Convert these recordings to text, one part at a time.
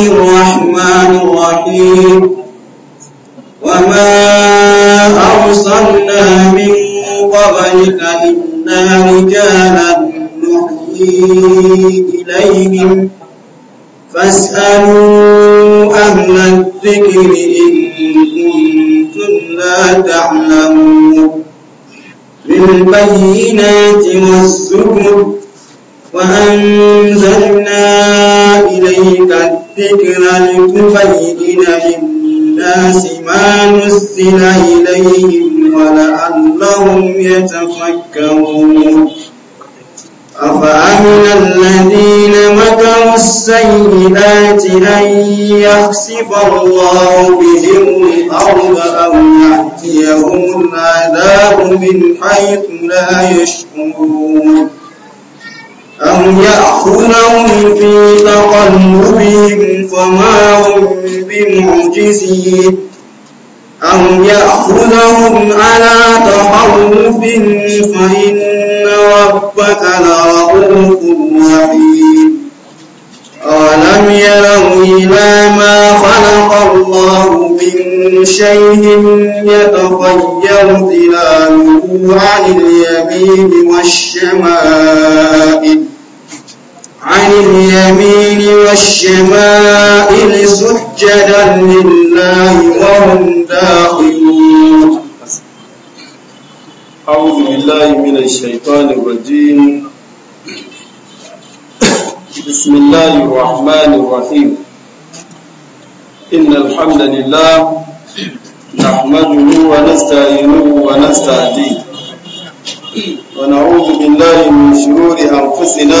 الرحمن الرحيم وما أرسلنا من قبلك إنا رجالا نحيي إليهم فاسألوا أهل الذكر إن كنتم لا تعلمون بالبينات والزبر وأنزلنا إليك ذكرى لتبين للناس ما نزل إليهم ولعلهم يتفكرون أفأمن الذين مكروا السيئات أن يخسف الله بهم الأرض أو يأتيهم العذاب من حيث لا يشكرون أم يأخذهم في تقلبهم فما هم بمعجزين أم يأخذهم على تخوف فإن ربك لرؤوف رحيم أولم يروا إلى ما خلق الله من شيء يتغير ظلاله عن اليمين والشمائل اليمين والشمائل سجدا لله وهم داخلون أعوذ بالله من الشيطان الرجيم بسم الله الرحمن الرحيم إن الحمد لله نحمده ونستعينه ونستهديه ونعوذ بالله من شرور أنفسنا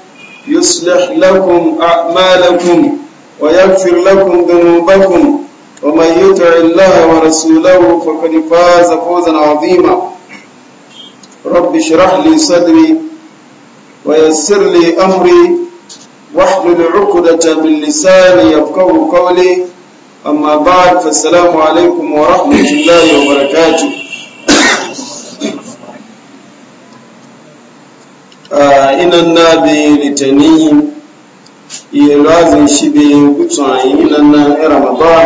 يصلح لكم أعمالكم ويغفر لكم ذنوبكم ومن يطع الله ورسوله فقد فاز فوزا عظيما رب اشرح لي صدري ويسر لي أمري واحلل عقدة من لساني يفقه قولي أما بعد فالسلام عليكم ورحمة الله وبركاته inan na bi litani ya lazin shi a yi inan na maba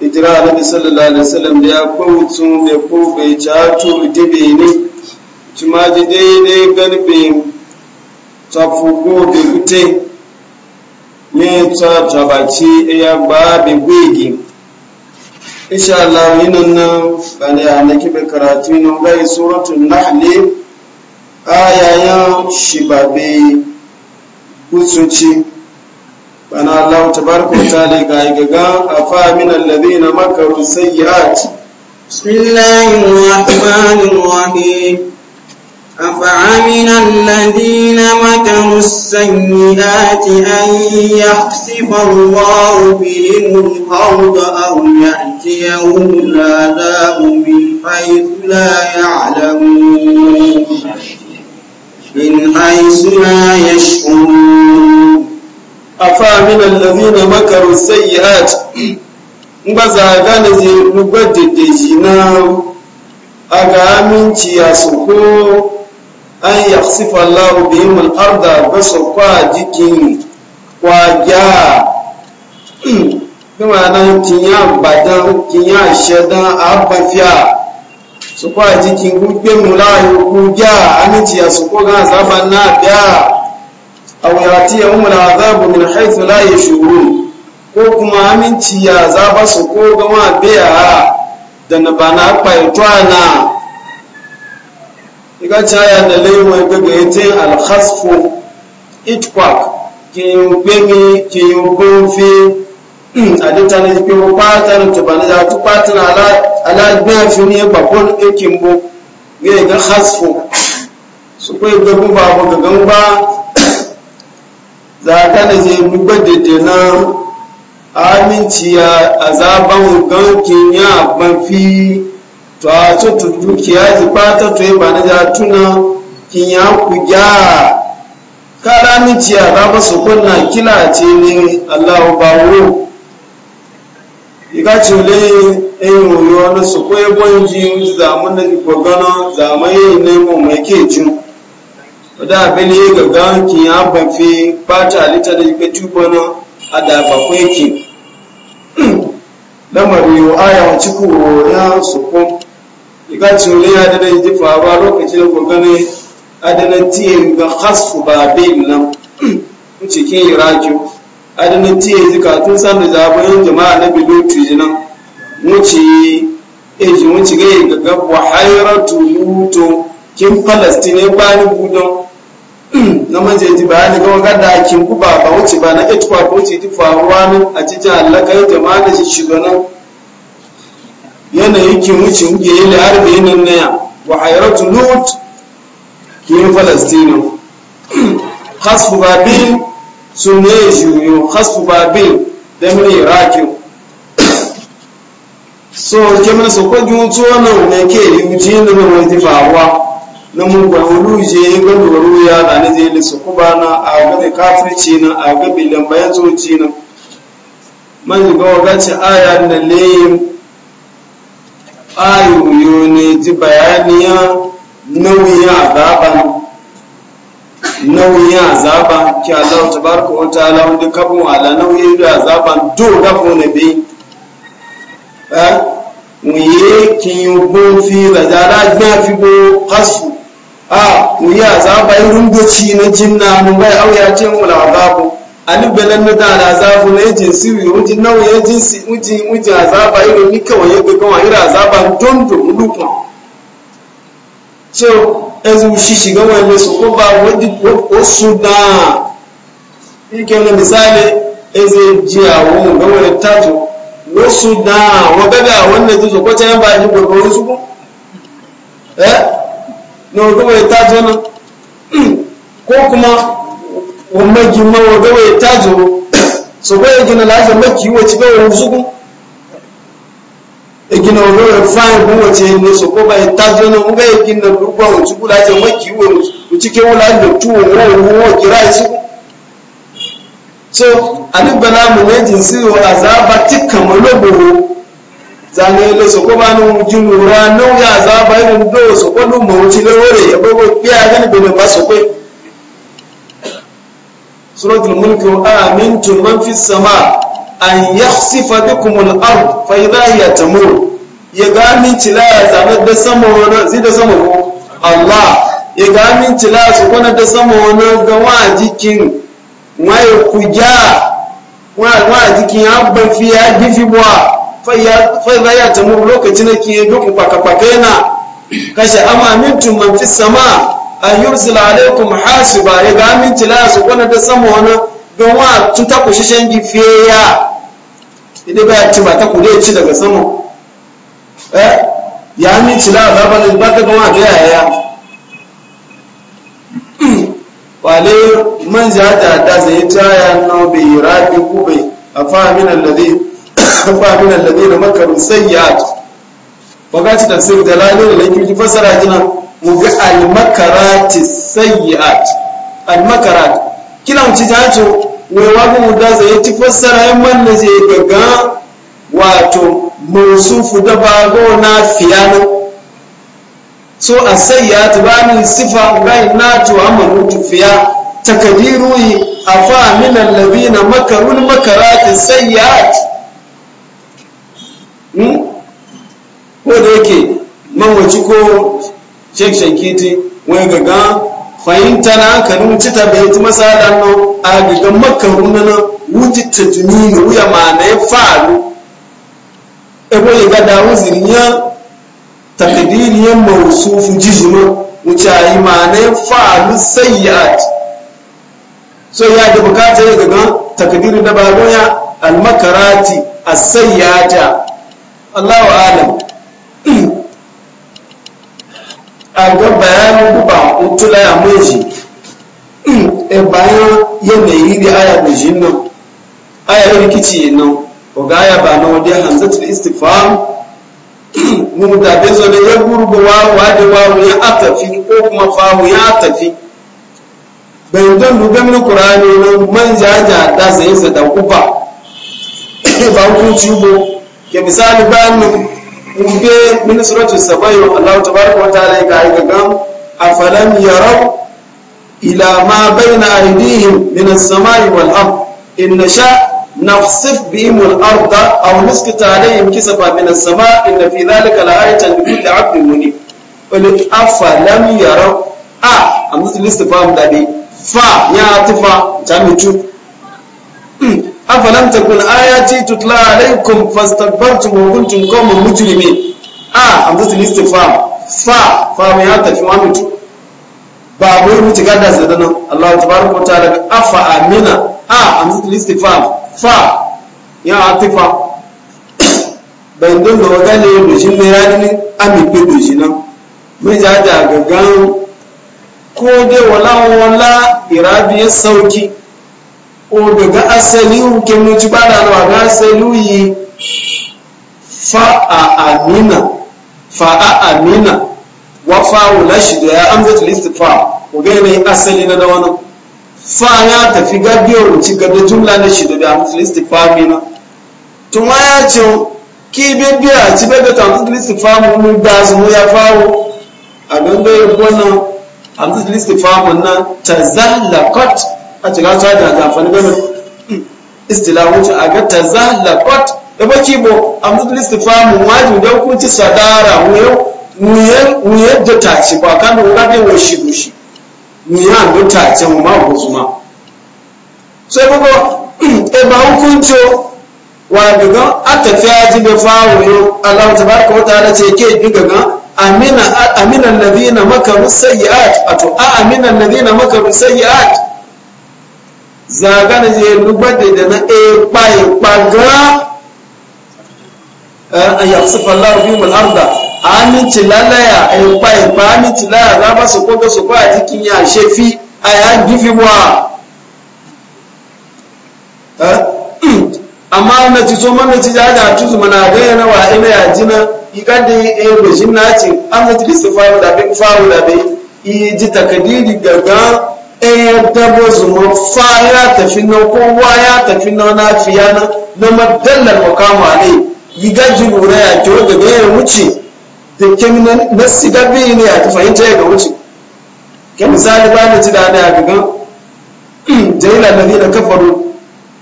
ijira hijira annabi sallallahu alaihi wasallam da ya kwamutun da ko bai cato da be ne ma ji daidai garbe tafugo da gute ne ta tabaci ya ba bi gwegi insha Allah nan na bane a nake bai karatu ne ga suratul nahl ayayen bai kusunci bana Allah tabaraka ta'ala ga gaga afa min alladhina makaru sayyi'at bismillahir rahmanir rahim أفعمن الذين مكروا السيئات أن يخسف الله بهم الأرض أو يأتيهم العذاب من حيث لا يعلمون من حيث لا يشعرون أفامن الذين مكروا السيئات مبزاغان زي نبدد جناو أغامنتي يسوكو an yaksifa Allah bihim al-arda basakwa jikin kwaja kuma nan kinya badan kinya shedan abafiya su kwa jikin gugbe mulayu ku gya aminci a su ko ga azaban na biya a wuyati ya umula azabu min haithu la ya shuru ko kuma aminci ya zaba su ko ga ma biya da na ba na kwaitwa na iga caya da laiwa gaga yatin alhasfu itquak ke yi gbengi ke yi gbenfi adinta na jikin mu kwata na tuba na jatu kwata na alagbiyar fi ne bakon ikin bu ya ga hasfo su kai gabu ba ba ga gan za ka da je mu gwadede na aminci ya azaban gankin ya mafi to a tutu dukiya ji kwata to yi ba na jatu na kin ya ku gyara kara aminci ya za su kunna kila ce ne allahu ba wuro iga cule yin wuri wani su kwaye kwayin ji zamun da ji gwagana zamun yi ne mai ke jin wadda abin yi gaga ki ya bafi bata alita da ga tubana a da bakwai ki lamar yi aya wa ya su ko iga cule ya da ji faruwa lokacin da gwagana adana tiye ga ba nan cikin irakiyo adana tiye zika tun san da zaɓen jama'a na bilotu jinan wuce eji eh, wuce ga yi gaga kin palestine ba ni budon na majeji ba ni ga wanga da kin kuba ba wuce ba na wuce ti faruwa ne a cikin jama'a da shi yanayi yi da harbe yi nan naya kin palestine sunne juyo hasfu babil da mini iraki so kemin su kwa jutu wannan ne ke yuji ba mai ji faruwa na mugun huluje ya gani waru ya da ne zai su kuba na a gani kafirci na a gabi lambayan zuci na man yi ga wagaci aya da layin ayoyo ne ji bayaniya a azaban nauyin azaba ki Allah tabaraka wa ta'ala wanda kabun ala nauyin da azaban do da ko ne bi eh, yi ki kin bo fi da dara gbe fi bo kasu a yi azaba irin goci na jinna mu bai auya ce mu la azabu ani belan na da azabu ne jinsi wi uji nauyin jinsi uji uji azaba irin ni kawai ya ga kawai irin azaban mu duka so ezu shishi ga wani su ko ba wadi ko su da yake na misali eze jiya wani ga wani tato ko su da wagaga wannan zuzo ko ta yan ba ji gobe wani su ko eh na wani wani tato na ko kuma wani magi ma wani wani tato so ko yake na lafiya maki wace ga wani su ko ikina olóyè fáyìn fún wọn ti ní sọpọ báyìí tájọ náà wọn bẹ ikina gbogbo àwọn tí kúlá jẹ kì í wọ òtíkẹ wọn láì lọ tú wọn wọn wọn wọn so àdìgbàlá mọ̀lẹ́jì sí wọn àzáàbá tí kàmọ́ lóbòrò zàní ilé sọpọ bá ní wọn jù wọn wá ní àzáàbá yìí ló sọpọ ló mọ̀ wọn ti lówó rẹ̀ yẹ gbogbo pé ajá níbi ní bá sọpẹ́. fi sama. an yakhsifa bikum al-ard fa idha hiya tamur ya ga min tila zama da sama wani zai da sama ko Allah ya ga min tila su kona da sama wani ga wajikin waye kuja jikin ya bafi ya gifi buwa fa idha hiya tamur lokacin da ke duk kwakwakwaka na kashe amamintum man fi sama an yursila alaikum hasiba ya ga min tila su kona da sama wani ga wa tuta kushishen gifiya idan ba ci ba ta kure ci daga sama eh ya ni ci la ba ba ba ta gama da yaya wale man ja ta ta sai ta ya no bi rabi kube afa min alladhi afa min alladhi makaru sayyat sayyi'at wakati tafsir dalalil lakin ki fasara jina mu ga al makarat sayyat al makarat kila mu ci jajo ne wabu da zai ci fassara yin man da zai gaga wato musufu da bago na fiyanu so a sai ya tubani sifa gai na tuwa manutu fiya Takadiru a fa min allazina makarul makarati sayyat hmm? ko da yake mamaci ko shek shankiti wai gaga fahimta na ka nuci ta bai ti masala no a gidan maka hunana wuji ta jini na wuya ma na ya faru ebo ya ga da wuzirin ya takadiri ya mausufu jijima wuce a yi ma na ya faru sayyad so ya da bukata ya gaga takadiri da babu ya almakarati a sayyata allahu alam aga bayanin ba mutula ya meji hmm, e bayan yanayi da aya meji nan aya rikici nan oga aya ba na wadda hanzatul istifam hmm, mun da bai zo da ya gurgu wawu wa mu ya atafi ko kuma famu ya atafi bai don dugan na kurani nan man jaja da zai sa da kufa ba hukunci bo ke misali bayan ube min suratul sabayo Allah tabaraka wa ta'ala ga ga gam afalam yaraw ila ma bayna aydihim min as-samai wal ard in nasha نخسف بهم الأرض أو نسقط عليهم كسفا من السماء إن في ذلك لآية لكل عبد منيب قل أفلم يروا أ آه. أمس الاستفهام ده فا يا عطفة جامد afalam takun ayati tutla alaikum fastakbartum wa kuntum qawman mujrimin a amzatul istifham fa fa mai hata fi wani ba mu mu ci gada sai dan Allah tabaraka wa ta'ala afa amina ah, a amzatul istifham fa ya atifa bayan don da wagane da shi ne ya ne amikpe da shi nan mai ja da gaggan ko dai wala wala irabiyar sauki o daga asalin kemnu ci ba da wa ga asaluyi fa a amina fa a amina wa fa fa'u shi da ya amsa fa o ga yanayin asali na da wani fa ya tafi gabiyar ci gaba jumla na shi da amsa listifa mina tuma ya ce ki bibiya ci bebe ta amsa fa mu mu da su mu ya fa fawo a gangayin wannan amsa fa mu na ta zallakot a cika ta da amfani da istilahu a ga tazallaqat da baki bo amdul istifamu waju da ku ci sadara wuyo wuyen wuyen da ta ci ba kan da da wo shi dushi wuyen da ta ci mu ma ko zuma sai bugo e ba hukuncio wa daga a atafiya ji da fawo Allah baka wata ta'ala ce ke bi daga amina amina alladhina makaru a to a amina alladhina makaru sayyi'at zagana je lubade da na e paye paga a e, e yaksufa Allah bi mul arda ani tilalaya e paye pa ani tilaya za ba su koga su kwa cikin ya shefi aya gifi wa amma na ci so mana ci jaja cikin mana ga na wa ina e ya jina yi e bejin na ci an da tilisa fa da bin fa da bai i ji takadidi gangan. ɗaya eh, dabo zuma fa ya tafi nan kowa ya tafi nan na fiya na na madallar makama ne giga jibura ya kyau da ya wuce da kemi na siga biyu ne a ta fahimta ya ga wuce ke misali ba na ji da ana gaga jaila na zina kafaru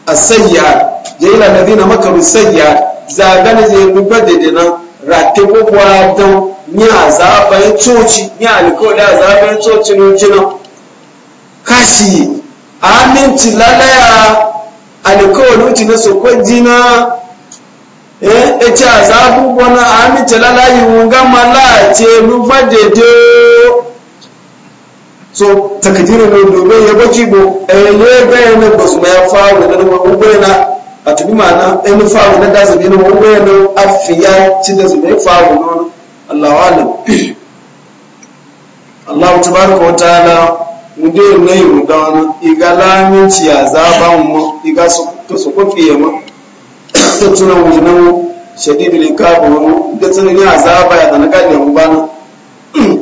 a sayya jaila na zina makaru sayya zaga na zai rubar da dina rake ko kuwa don ni a zaɓen coci ni a alikoli a zaɓen coci ne jinan kashi aminci lalaya alkawalin ci na sokon jina eh, e ci a zaɓu gwana aminci lalayi wunga mala ce rufa dede so takadirin eh, da domin ya baki bo ele bayan na basu ya faru da nan wani na a tubi ma'ana ɗan faru na dasa biyu na wani na afiya ci da su mai faru na wani allawa alam allah tabaraka wa ta'ala mude na yi mugana iga laminci ya zaba mu iga to su kofi ya ma na tuna wujina mu shadidu ne ka bu mu da tuna ne ya da na kaje mu bana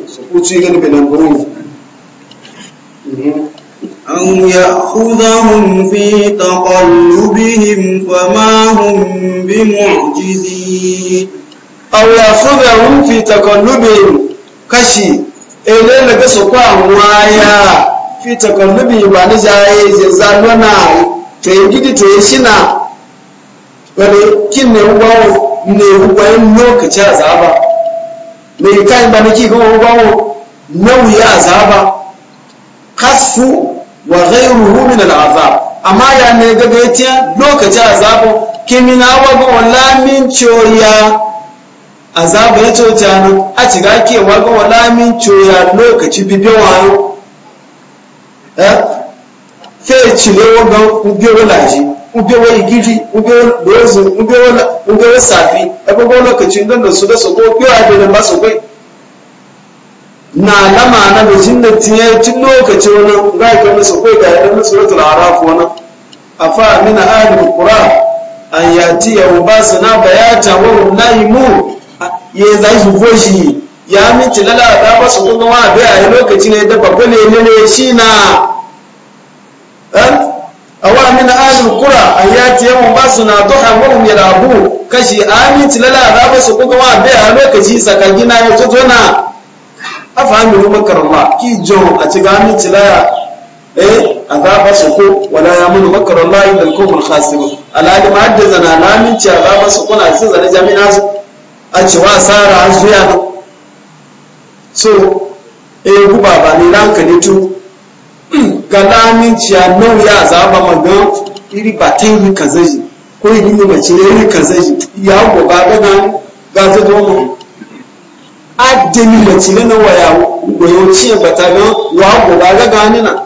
su kuci gani benan gurumi أو يأخذهم في تقلبهم فما هم بمعجزين أو يأخذهم في تقلبهم كشي ele na gasa kwa waya fi takallubi ba ni jaye je zanona te gidi te shina wani kin ne ubawo ne ubayen lokacin azaba mai kai ba nake ga ubawo nauyi azaba kasu wa ghayruhu min al'aza amma ya ne tiya lokaci a zaba kimina wa ga wallamin ciyoya azabu ya coca no a ciga kewa ga wala min coya lokaci bibe wayo eh? fe cile wanga ubewo laji ubewo igiri ubewo dozu ubewo safi abubuwa lokaci don da su da soko ubewa da da masu kai na lama na da jin da tiye cin lokaci wani ga masu kai da ga yadda masu wata larafu wani a fa mina ahalin kura an yati yawon ba su na bayata wa mu ya za shi ko shi ya minti lala ta ba su kuma wa bai a lokaci ne da babba ne ne ne shi na awa min ahlul qura ayati yawm basuna duha wa hum yalabu kashi amin lala eh, za ba su kuma wa bai a lokaci sakagina ya zo na afahamu ni makarama ki jo a ci gani tilaya eh a gaba su ko wala ya mun makarama illa al-qawm al-khasirun alali ma na min ci a gaba su kuna sun zana jami'a su a cewa Sara a zuya so E, eh, guba ba ne ranka ne tu ga laminci a nan ya ma ga iri ba ta yi kaza ji ko yi yi mace ya iri kaza ji ya ga gana gaza domin a demi mace ne na waya goyo ce ba ta gan wa ba ga gani na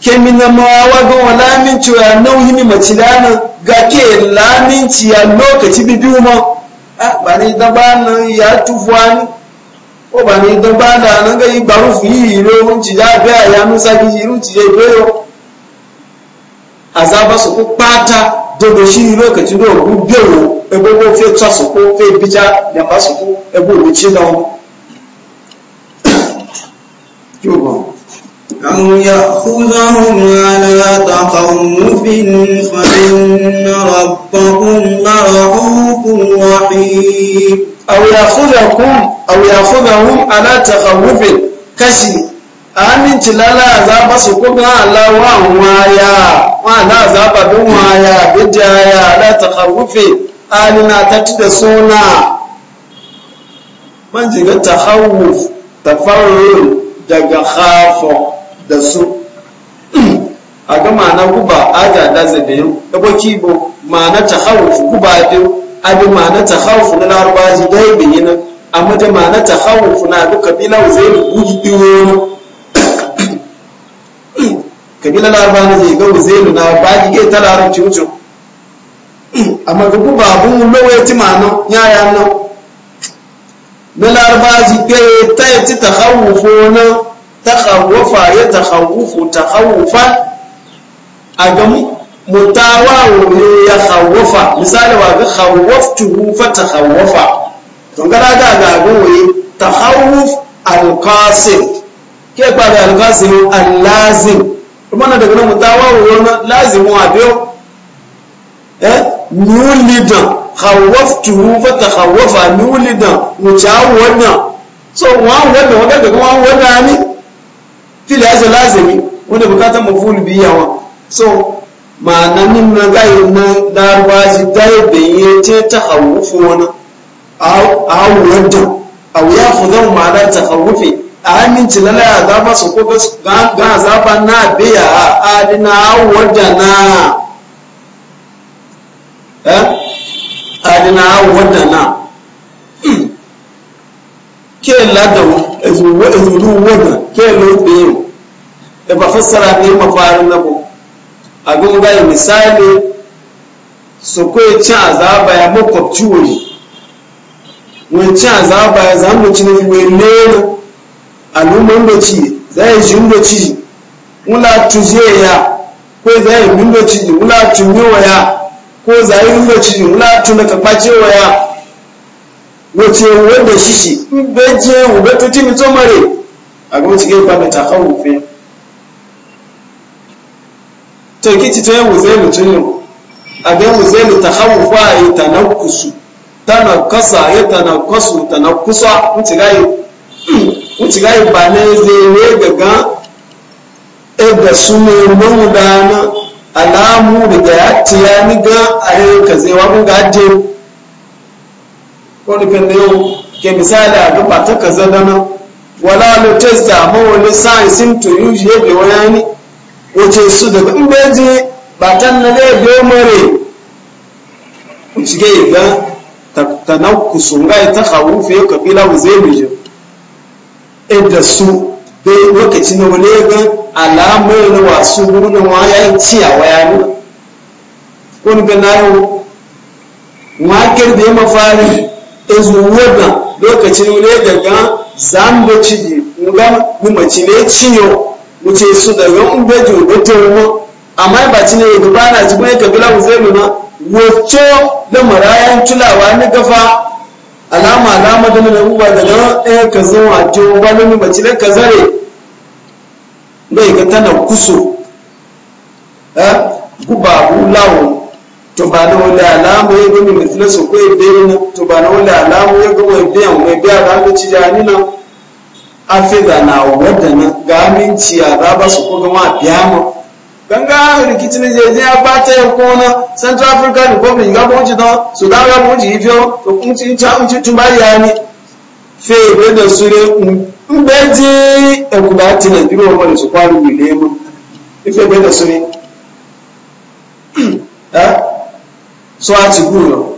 kemi na mawa ga wa laminci a nauyi ni mace da nan ga ke laminci a lokaci bibiyu ma bani daba nan ya tufuwa ni ko bani daba da nan ga yi baru fi yi ilo wunci ya bi a ya nusa ki yi wunci ya bi azaba ebe ko fe tsa su ko fe bija da ba su أو يأخذهم على تخوف فإن ربكم لرؤوف رحيم أو يأخذكم أو يأخذهم على تخوف كشي amin tilala za ba su kuma Allah wa waya wa la za ba bin waya bidaya la takharufi alina da suna man jiga takhawuf tafarrur daga khafo da su a ga ma'ana guba aja da yau da kwaki bo ma'ana ta hawufu guba biyu bi ma'ana ta hawufu na larabaji dai bi nan amma da ma'ana ta hawufu na duk kabila zai guji biyu kabila larabaji zai ga da na ji ke ta larabci wucin amma ga guba abun lowe ti ma'ana yaya nan na ji ke ta yi ta hawufu na takhawwafa ya takhawufu takhawufan a ga mutawawo ne ya khawwafa misali wa ga khawwaftuhu fa takhawwafa to gara ga ga ga waye takhawuf alqasim ke ba da alqasim allazim kuma na daga mutawawo wannan lazimu a biyo eh nulidan khawwaftuhu fa takhawwafa nulidan mutawawo wannan so wa wannan wanda daga wa wannan ne fili ya lazimi wanda bukatar mafulu biyawa so ma'ana min na gayi na larbaji dai bayyane ce ta hawufu wani a hawuwar da a wuya fudan ma'anar ta hawufe a aminci lala ya zaba su ko ga zaba na biya a adina hawuwar na adina hawuwar da na eh? ke ladawu ezudu wadda ke lotsayin da e ba fassara ne mafarin na abin bai misali su kai ci azaba ya makwabci wuri wani ci azaba ya zama ci ne wai lera al'umman da zai shi da wula tuje ya ko zai yi da ci wula tunyewa ya ko zai yi da ci wula tunaka kwacewa ya wace wanda shi shi in beje tuti mito mare a gama cikin ba da takan to kici to yawu zai mutun ne a ga yawu zai mutahawufa ya tanakkusu tanakasa ya tanakasu tanakkusa wuce gayi wuce ba ne zai ne daga alamu daga ya tiya ni ga a yanka zai wa wani fende yau ke misali a gaba ta kaza dana wala lo testa ma wani sin to use ye be wani wace su daga in je ba tan na ne be mare kuke ga sun ga ta khawufi ya kabila uzebije inda su Da lokaci na wani ga alamai na wasu gurin waya ciyawa waya nuna kun ga nayo wakil da ya mafari ezuwaga lokacin ne daga zamba ciji nga gumaci ne ciyo muce su daga umbeji wata ruwa amma ba ci ne yadda ba na cikin ka bila mu zai nuna wato da marayan tulawa ni gafa alama alama da nuna uba daga ɗaya ka zan wato ba na gumaci ne ka zare bai ka tana kuso babu lawo to ba na alamu ya gami mai tsina su kwaye bayan mu to ba alamu ya gami mai biyan mai biya ba da afiza na wadana ga aminci a za ba su ma biya mu ganga rikicin jeje ya bata ya kona central african republic ga bunci don sudan ga bunci to ta tun ba ya fe be da sure mbeji mm, mm, e ku ba wani su kwaru bi mu ife da sure so a ci guyo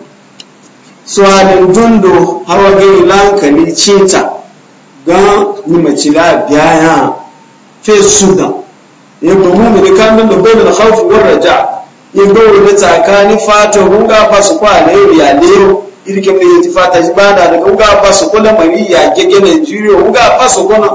so a dundundo har wage lankali cinta ga da biya fe suda ya kuma mu ne kan da bai da khawfi war raja ya ta da fato fata ga ba su kwa ne ya ne irke mai fata shi ba da daga ga ba su kula mari ya gege Nigeria ga ba su kona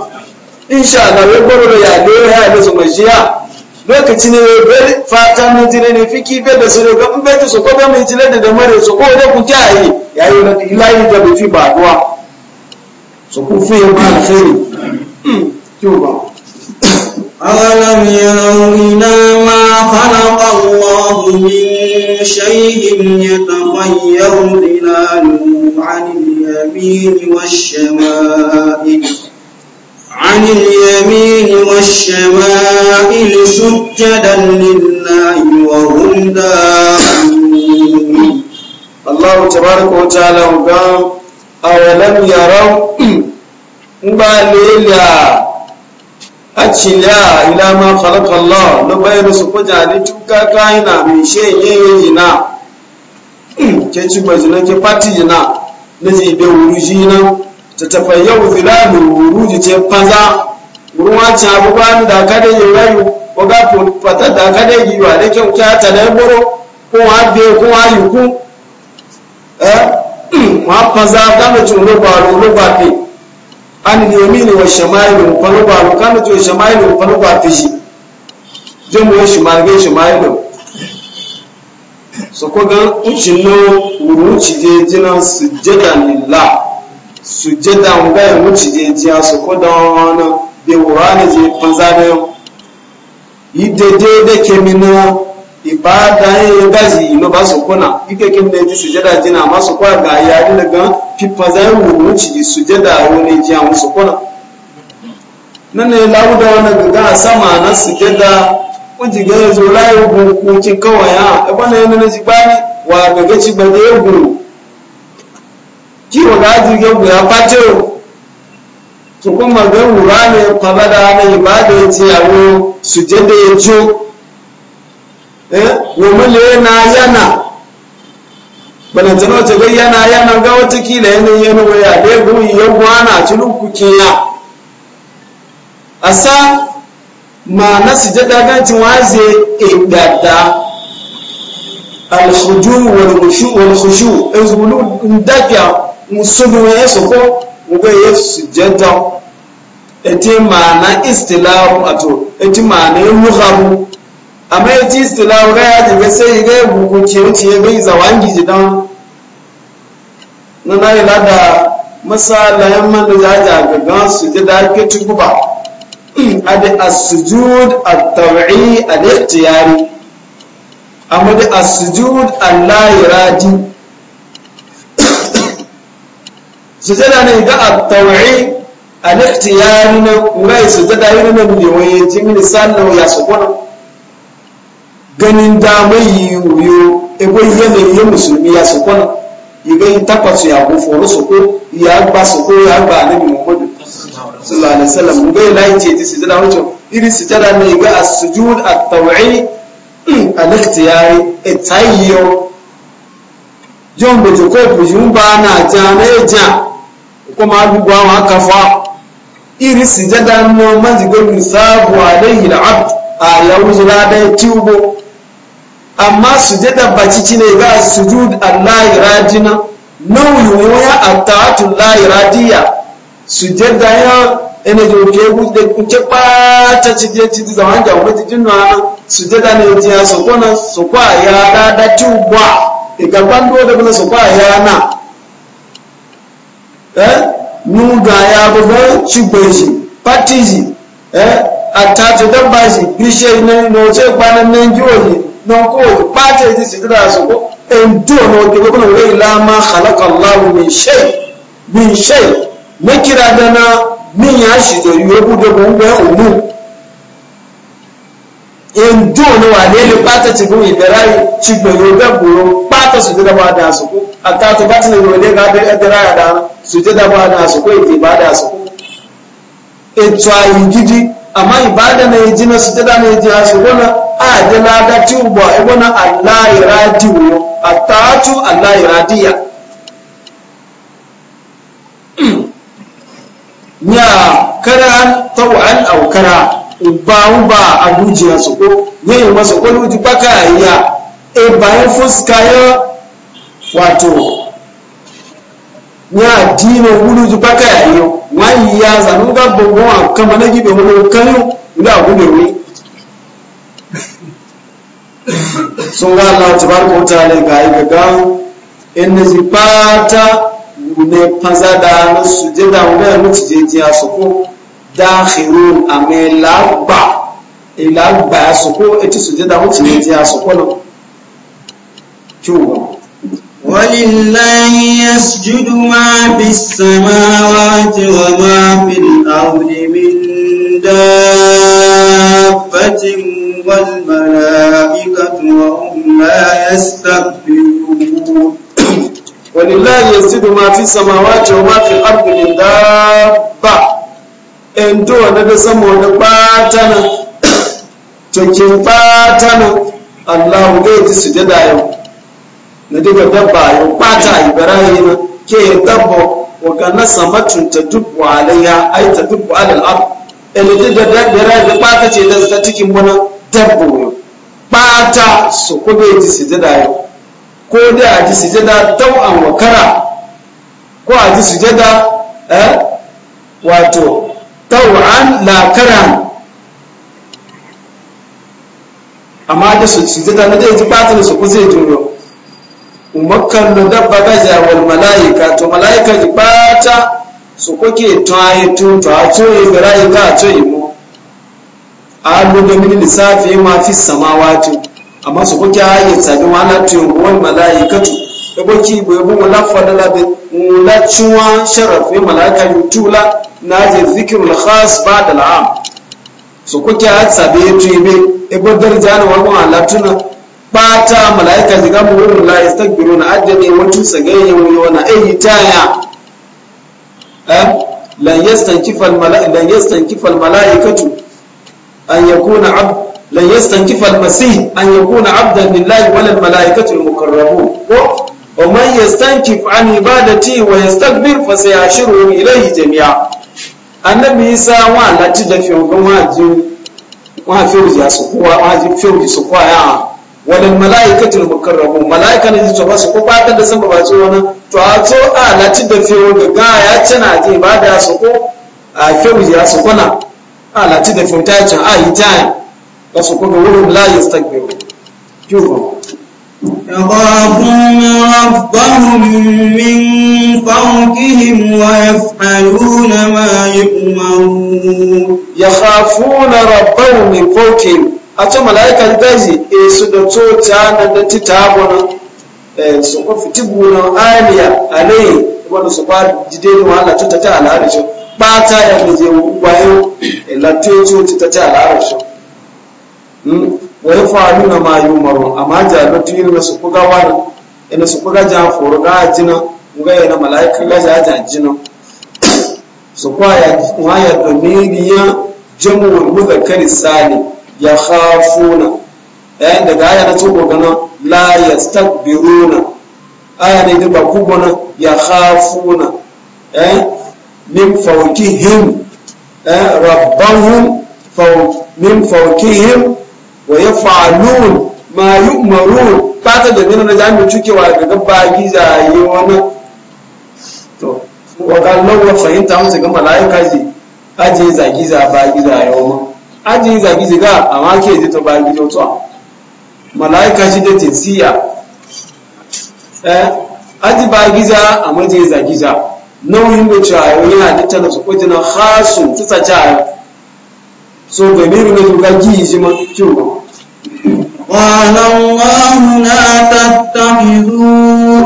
insha Allah ya gawo da ya ne ya ne su jiya. lokaci ne bai fata na jire ne fiki bai da su daga in su ko mai jire daga mare su ko da ku kyaye yayi na ilahi da bai ba duwa su ku fi ma alkhairi kyau ba أولم يروا إلى ما خلق الله من شيء يتغير ظلاله عن اليمين عن اليمين والشمائل سجدا لله وهم داخلون الله تبارك وتعالى قال أولم يروا مباليلا aciliya ila ma khalaqa Allah lo bayru su ko jani tuka kaina mi she ye yina ke ci ke jina tatafayyau zilalu ruji ce faza ruwa ce abubuwan da kada yi rayu ko ga fatar da kada yi wa da kyau kya ta dai boro ko wa be ko wa yi ku eh wa faza da mu tun ruba ruba fi an ne wa shamailu fa ruba kan tun shamailu fa ruba fi shi jamu shimailu shamailu so ko ga ucin no uruci je jinan sujjada lillah sujjada nga ya wuce je jiya su ko da wani bai wura ne je banza da yau yi daidai da ke mino ibada ya gazi ilo ba su kuna ike kin da ya ji sujjada jina ma su kwa ga ya ila ga fifa za ya wuce je sujjada wani jiya musu kuna nan ne da wani gaga a sama na sujjada wajen ya zo ko hukuncin kawai ha ebe na yana ba jigbani wa gaga ci ba da ya kiwo ga ajirgen ku ya kwace to kuma ga wura ne kwaba da na ibada ya ce yawo su je da ya ce eh womin da na yana bana tana ta ga yana yana ga wata kila yanayi yana waya da ya guyi ya gwana cikin ya asa ma na sujada ganci waze idada alhuju wal khushu wal khushu izbulu ndakia musulmi ya soko muga ya sujjata eti ma'ana istilahu ato eti ma'ana lughabu amma eti istilahu ga ya jiga sai ga hukunci wuce ya bai zawangi jidan na na ila da masalayan man da ya jaga gan sujjada ke tukuba adi as-sujud at-taw'i al-ikhtiyari amma da as-sujud al-la iradi sujada ne ga a tawi al-ikhtiyari ne ngai sujada irin nan da waye ji ya su gona ganin da mai yuyo ebo yene ye musulmi ya su gona yiga takwasu ya go foro su ko ya gba su ko ya ne mu muhammadu sallallahu alaihi wasallam ngai lai ce ji sujada wato irin sujada ne ga as-sujud at-taw'i al ko na jana e jana kuma abubuwan haka fa iri sijada no mazigo misabu alaihi al'abd a yawuzu ladai tubo amma sujada bacici ne ga sujud allahi rajina nauyi waya atta'atu allahi radiya sujada ya ene jo ke bu de kunce pata ci je ci za wanja wa ci jinna sujada ne ji ya so kona so kwa ya da da tubo e ga bando da bana so kwa ya na Eh? nuga ya buga cigbe shi pati shi eh? atatu dabba shi bishe na noce kwanan na giwo shi nan kowace pati shi su dira su ko in to na wata gwamna wai lama halaka allahu min shai min shai na kira dana min ya shi da yiwu da gwamna umu endo ne wa ne le pata ti gun iberai ti gboro gboro pata su da bada da su to bati ga da edera da su ba da su ko ite ba da su ko eto ayi gidi amma ibada ne ji na su da ne ji su ko a je na da ti ubo e ko na allah iradi wo atatu allah iradiya nya kara tawan aw kara uba uba abujiya su ko yayin masa kwallo ji baka ya e bayan fuska ya wato ya dina wulu ji baka ya yi wani ya zanu ga bongo a kama na gibe wani kanu ina gube wuri sun ga Allah tabaraka wa ta'ala ga yi gaga in na zipata ne fazada na sujada wani mutu jejiya su dáhìrún àmì ìlàgbà ìlàgbà àsìkò etí sùjẹ́dà ó ti lè jẹ àsìkò náà kí ó wọ́n. wọ́n lè láyé ẹ̀sìjúdú máa bí sẹ́mà wá ti wà máa bí àwọn èmi ń dá fẹ́tí wọ́n mara ìka tó wọ́n má ẹ̀sìkà bí owó. wọ́n lè láyé ẹ̀sìjúdú máa ti sẹ́mà wá endo na da samo da batana cikin batana Allah ga ji su da yau. na diga dabba ya bata na. ke dabba wa kana samatun ta dubu alayya ai ta dubu alal ab ji da da da ɓata ce da ta cikin wani dabbo su ko ga ji su da yau? ko da a ji sujada tau'an wa kara ko a ji sujada eh wato taw'an la karan amma da su ci da da ji batin su ku kuze juro umakkan da dabba ga ja wal malaika to malaika ji bata su kuke tayi tun to a coyi garai ka coyi mu alu da min lisafi ma fi samawati amma su kuke ayi sabi wala to wal malaikatu saboki bai bugu wala fadala bi wala chuwa sharaf ya malaka yutula na je zikirul khas ba'da al'am so ko kya sabe yato ibe e bo darja na wani Allah bata malaika jiga mu wurin la yastakbiruna ajjani watu tusagaye wa wana wani eh lan yastankifa malaika lan yastankifa malaikatu an yakuna abd lan yastankifa al masih an yakuna abdan lillahi malaikatu ومن يستنكف عن عبادتي ويستكبر فسيحشرهم إليه جميعا annabi isa wa lati da fi ogun wa ji wa fi oji asukuwa wa ji fi oji sukuwa ya walal malaikatul mukarrabun malaikan ji to wasu ko fata da san ba ce wani to a to a lati da fi oji ga ya tana ji ba da su ko a fi oji a lati da fi oji ta ce a yi ta wasu ko da wurin la yastakbiru kyuba يخافون ربهم من فوقهم ويفعلون ما يؤمرون يخافون ربهم من فوقهم ato malaika gaji e su da to ta na da ti ta bona e su ko fiti buna aliya alai wanda su ba jide ni wala ta ta alari so ba ta ya je wa yo la to to ta ta alari so wa ma yumaru umaru amma jalatu yi su kuga wani ina su kuga ja foro ga jina muga yana la ja ja jina su kwa ya domini ya jamuwar kari sani ya khafuna. yayin da ga yana tuko gana la ya aya ne da bakubona ya khafuna. eh min fawqihim eh rabbahum min fawqihim wa ya falun ma yi umaru fata da nuna za mu cukewa daga bagi zaye wani to wakannan wa fahimta musu ga mala'ika ji aji zagi za bagi zaye wani aji zagi ziga amma ke ji ta bagi jotuwa mala'ika shi da tinsiya eh, aji bagi za a maje zagi za nauyin da cewa yana da tana su kujina hasu ta tsaci so gbemiru ne tun ka ji yi se ma tutu o. Walawahu la tattahidhu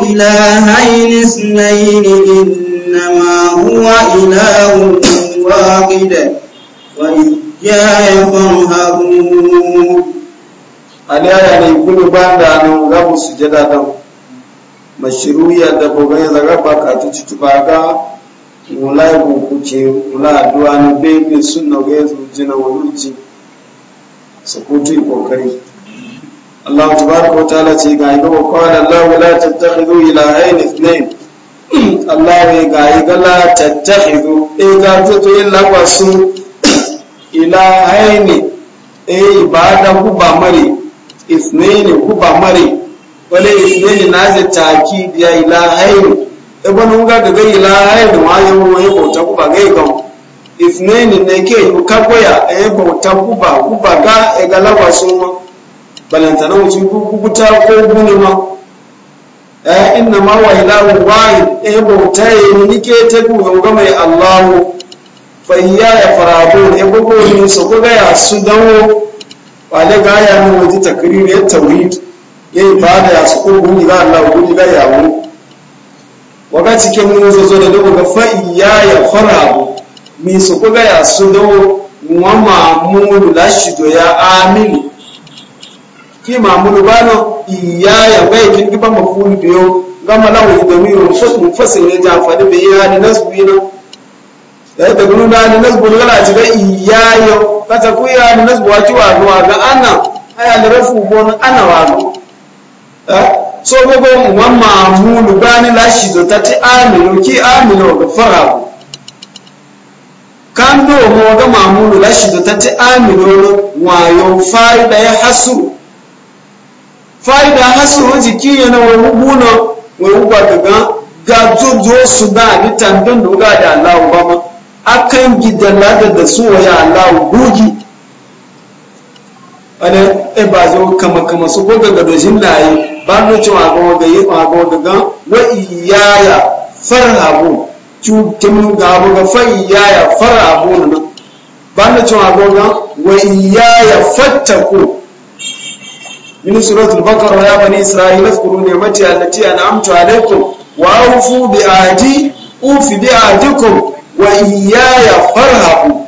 ila hayni sinayini ina ma huwa ila waqida wa yi ya fahamu. Ani aya ne kunu banda nan gabu su jada dan mashiruya da bugan ya zaga ba ka tuci ba wula kukuce wula aduwa na bebe suna ga ya zuji na wuruji su kutu kokari Allah tabaraka wa ta'ala ce ga ga wa qala Allah la tattakhidhu ilahayn ithnayn Allah ya ga ga la e ga to to yin lawasu ilahayn e ibada ku ba mare ithnayn ku ba mare wale na ebonu nga gaga yi la e do wa yo wo ko ta ku ge ko if ne ni ne ke ku ka ko ya e bo ta ku ba ku ba ga e ga la wa mo balanta na wuci ku ku ta ko bu ne ma eh inna ma wa ilahu wahid e bo ta yi ni ke ta ku ga mai allah fa iya ya farabun e ko ko ni so ko ga ya su dawo wale ga ya ni wuci takrir ya tawhid yayi ba da ya su ko bu ni ga allah ku ga ya wu wakati ke mun zo zo da dogo ga fa iya ya fara mi su ko ga ya su do wa mamulu do ya amini ki ba bano iya ya bai kin giba mafulu biyo ma lawo da mi ro so mu fasire ja fa da bai ya ni nasbina da ta gunu da ni nasbu gala ci ga iya yo kata ku ya ni nasbu wa ci wa ga ana aya da rafu bon ana wa eh so gbogbo wọn mú lùgbà ní láṣì tó tàti àmìlò kí àmìlò ọ̀gá fara bù kando ọmọ ọgá màmúlù láṣì tó tàti àmìlò wọn àyọ fáìdà ya ti kíyàn náà wọn náà wọn ga dúdú oṣù náà ní bá akan ládàdà sún wọ́n yà aláwọ̀ ẹbàjọ́ kàmàkàmà sọ gbogbo banu na ma go ga yi ma go ga ga wa iyaya farhabu cu kimin ga abu ga fa iyaya farhabu na banu ci cewa go ga wa iyaya fattaku min suratul baqara ya bani isra'ila zkuru ni'mati allati an'amtu alaykum wa awfu bi ahdi ufi bi ahdikum wa iyaya farhabu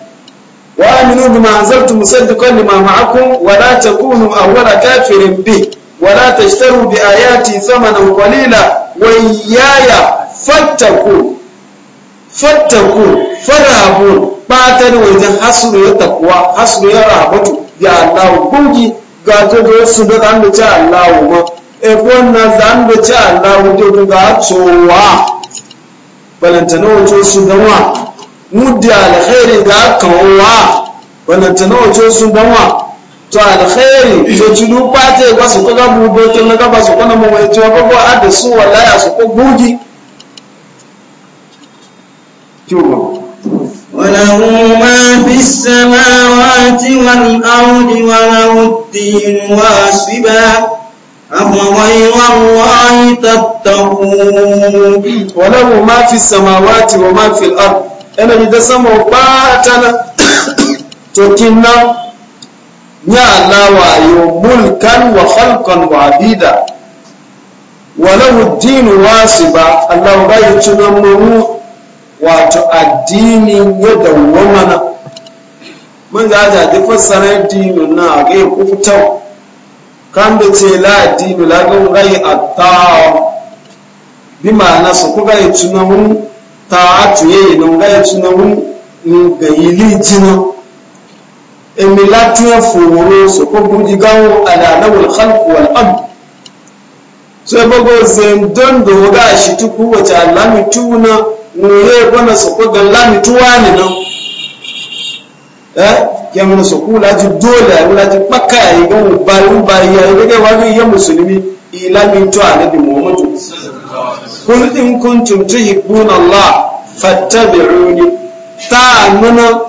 wa aminu bima anzaltu musaddiqan lima ma'akum wa la takunu awwala kafirin bih ولا تشتروا bi ayati قليلا qalila wa iyaya فرابوا fattaku farabu batar wajen hasru ya يا الله ya rabatu ya Allah da dan da ci Allah ma e wannan dan da ci Allah to ga tsowa na wato su mudda alkhairi ga na wato su to alkhairi to tulu kwate ba su kaga mu ba kin naga ba su kana mu wai to ba ba ada su wallahi su ko bugi kiwa وله ما في السماوات والأرض وله الدين واسبا أفغير الله تتقون وله ما في السماوات وما في الأرض أنا إذا سمعوا باتنا تكنا ya Allah wayo mulkan wa khalqan wa abida walahu dinu wasiba Allah ba ya ci nan mu wato addinin ya dawwama na mun ga da duk fassara dinu na ga ku fitau kan da ce la dinu la ga rai atta bi ma'ana su ku ga ya ci nan mu ta'atu yayi nan ga ya ga yili jinan emi latuwa foworo sokogun igawo alalawul khalq wal amd so ebogo zendon dondo ga shi tuku wace alami na nure bana sokogun lami tuwani nan eh yamun sokula ji dole ayi lati pakka ayi ga ubaru bari ayi daga wani ya musulmi ilami to anabi muhammadu kun in kuntum tuhibbuna allah fattabi'uni ta nuna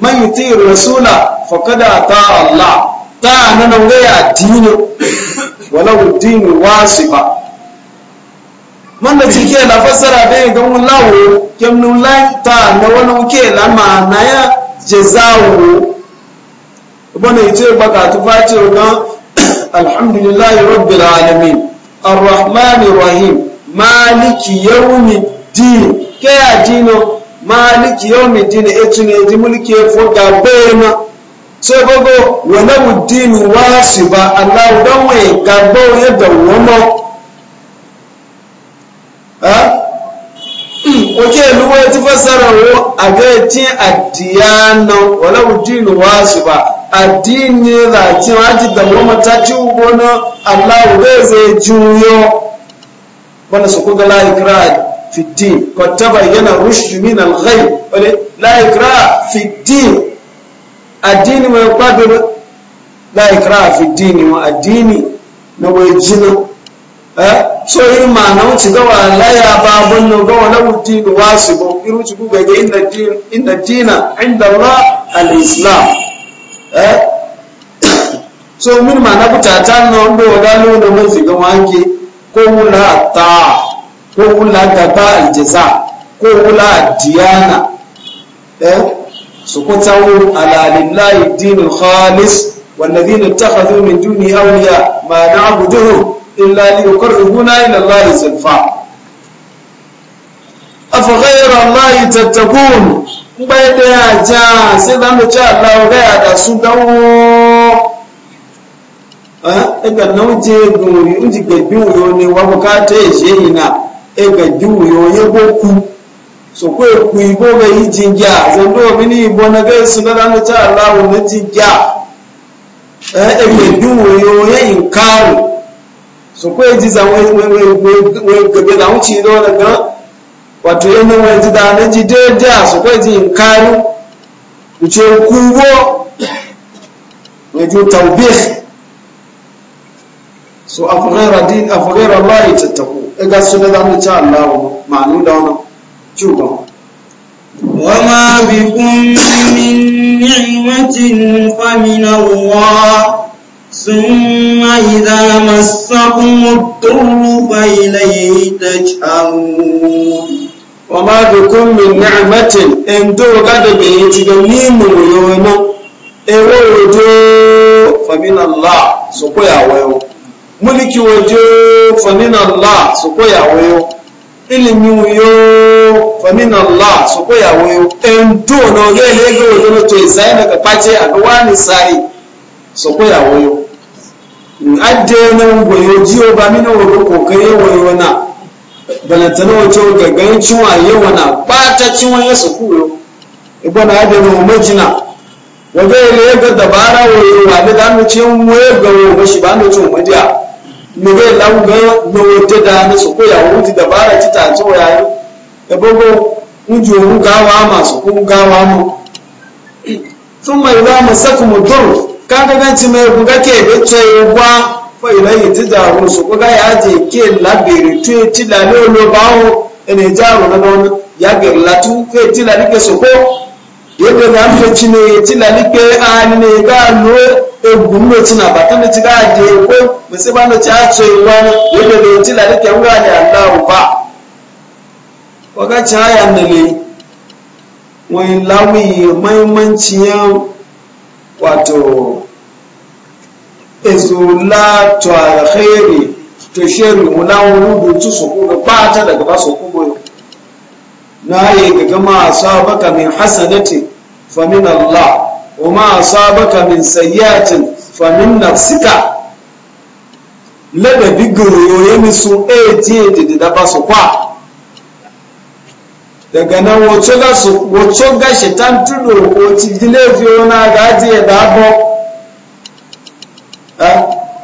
man yuti rasula faqada ta Allah ta nana waya dino walau dinu wasifa man da cike la fasara be ga mun lawo kem nun lai ta na wani ke la ma na ya jazawo bana yace baka tufaci ga alhamdulillahi rabbil alamin arrahmanir rahim maliki yawmiddin ke adino maliki yawmin din etu ne di mulki fo da bema so gogo wala wuddin wasiba allah dan we gabo ya da womo ha oke luwa ti fasara wo aga ti adiyano wala wuddin wasiba addini da ki waji da womo ta ci ubona allah zai juyo bana su kuga la ikrar في الدين قد تبين الرشد من الغي لا إكراه في الدين الدين ما يقدر لا إكراه في الدين والدين نوجنا أه؟ so irin ma'ana wuce gawa laya babun nan gawa na wuce da wasu ba irin wuce guga ga inda dina inda Allah al-islam so min ma'ana butata na wanda wa gano da mafi gawa ke ko mula ta'a ko wula gaba aljaza ko kula diyana eh su kutawo ala lillahi dinul khalis والذين اتخذوا من دونه أولياء ما نعبدهم إلا ليقربونا إلى الله زلفى أفغير الله تتقون بيد يا جا سيدنا مجا الله غير سوداو ẹ ẹgbẹ náà ó jẹ egun òyìn ó ti ega yoye yeboku so kwe kuibo ga yijinja zendo mini ibona ga na cha Allah na jija ega eh, e juyo yoye inkaru so kwe jiza we we we we gabe na so kwe ji inkaru uche kubo ne ju so afghara din afghara Allah tattaku gasu da za mu ci Allah wa ma'anu da wannan cuba. Wa ma bi min ni'matin fa min Allah summa idza massakum ad-durru fa ilayhi taj'alun. Wa ma bi min ni'matin in do ga da bi yi ci da ni mu yoyo ewo yo e fa min Allah su koya wayo. muliki wajo famin Allah su koya wayo ilimi yo famin Allah su koya wayo en do no ge le ge wajo pace a ga wani sai su koya wayo adde na goyo jiyo ba mina wajo na balantana wajo gaggan cinwa yawa na bata cinwa ya su kuyo ibana adde no dabara wayo wa da mu ce mu ga nige lauga na wata da na su koya wuti da bara ci ta ci waya da bago wuji wu gawa masu kun gawa mu sun mai za mu saka mu dur ka ga ganci mai buga ke da tsaye gwa fa ilahi ti da ru su buga ya je ke labiri tu ti la lo lo bawo ene jaro na don ya ga latu ke ti la dike su ko yadda na fa ci ne ti la dike an ne ga lo egun ló na bata bàtà ló ti bá di epo mùsùlùmá ló ti àtò ìwọ́n lóde ló ti là lókè ńlá ní àlá òbá wákàtí àyà nílé wọn láwí mọ́ìmọ́ǹtì yẹn wàtò èso látọ̀ àlàkéèrè tó ṣẹ́rù wọn láwọn olúdo tó sọ̀kú rẹ̀ pátá dàgbà sọ̀kú wọn náà yẹ gẹ́gẹ́ máa sọ hasanati famin allah وما أصابك من سيئة فمن نفسك lada bigiro ya misu ɗaya jiye da da ba su kwa daga nan wacce ga shaitan tudo ko da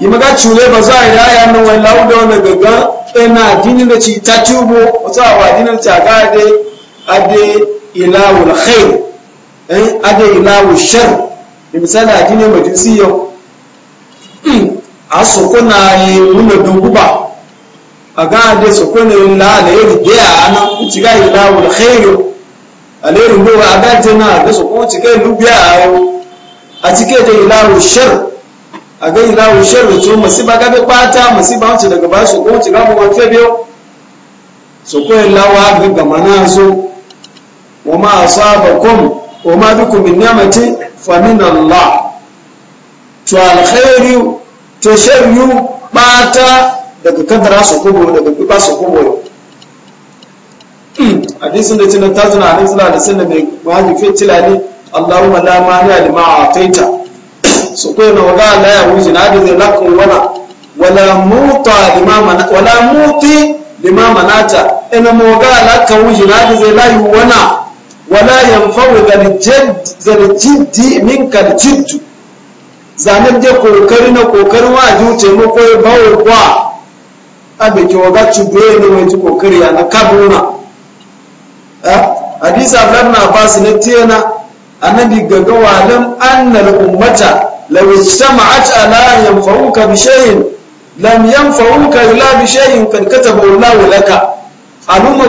yi maga cule ba za a yi aya nan wani lauda wani gaga ina dini da ci ta tubo wata wa dini ta ga ade ila wani khair ɗan adai lawo shar da misali a gine majalisi yau a sokona yi muna duguba a ga da sokona yi la'ala yi rigiya a nan kuci ga yi lawo da khairu a lerin gowa a ga jana da sokona ci ga dubiya a yau a cike da yi shar a ga yi shar da ciwo masiba ga bai kwata masiba wacce daga ba sokona ci ga mu wanke biyu sokona lawa ga gamana so wa ma asabakum wa ma bikum min ni'mati fa min Allah to alkhairu bata daga kadara su kubo daga biba su kubo hadisin da cin ta zuna hadisin da hadisin da mai wahabi fi tilani Allahumma la mani lima ataita su ko na wala la ya wuji na da lakum wala wala muta lima wala muti lima manata ina mo ga la ka wuji na da zai layu wana wala yanfa'u الجد min الجد zanen je kokari na kokarin wuce taimako ya bawo kwa abe ki waga tudoye ne wai kokari ya na kaduna hadisi na abbas ne tiyana annabi gaga walam annal ummata law istama'at ala yanfa'uka bi shay'in lam yanfa'uka illa bi shay'in kad katabahu Allahu laka alumma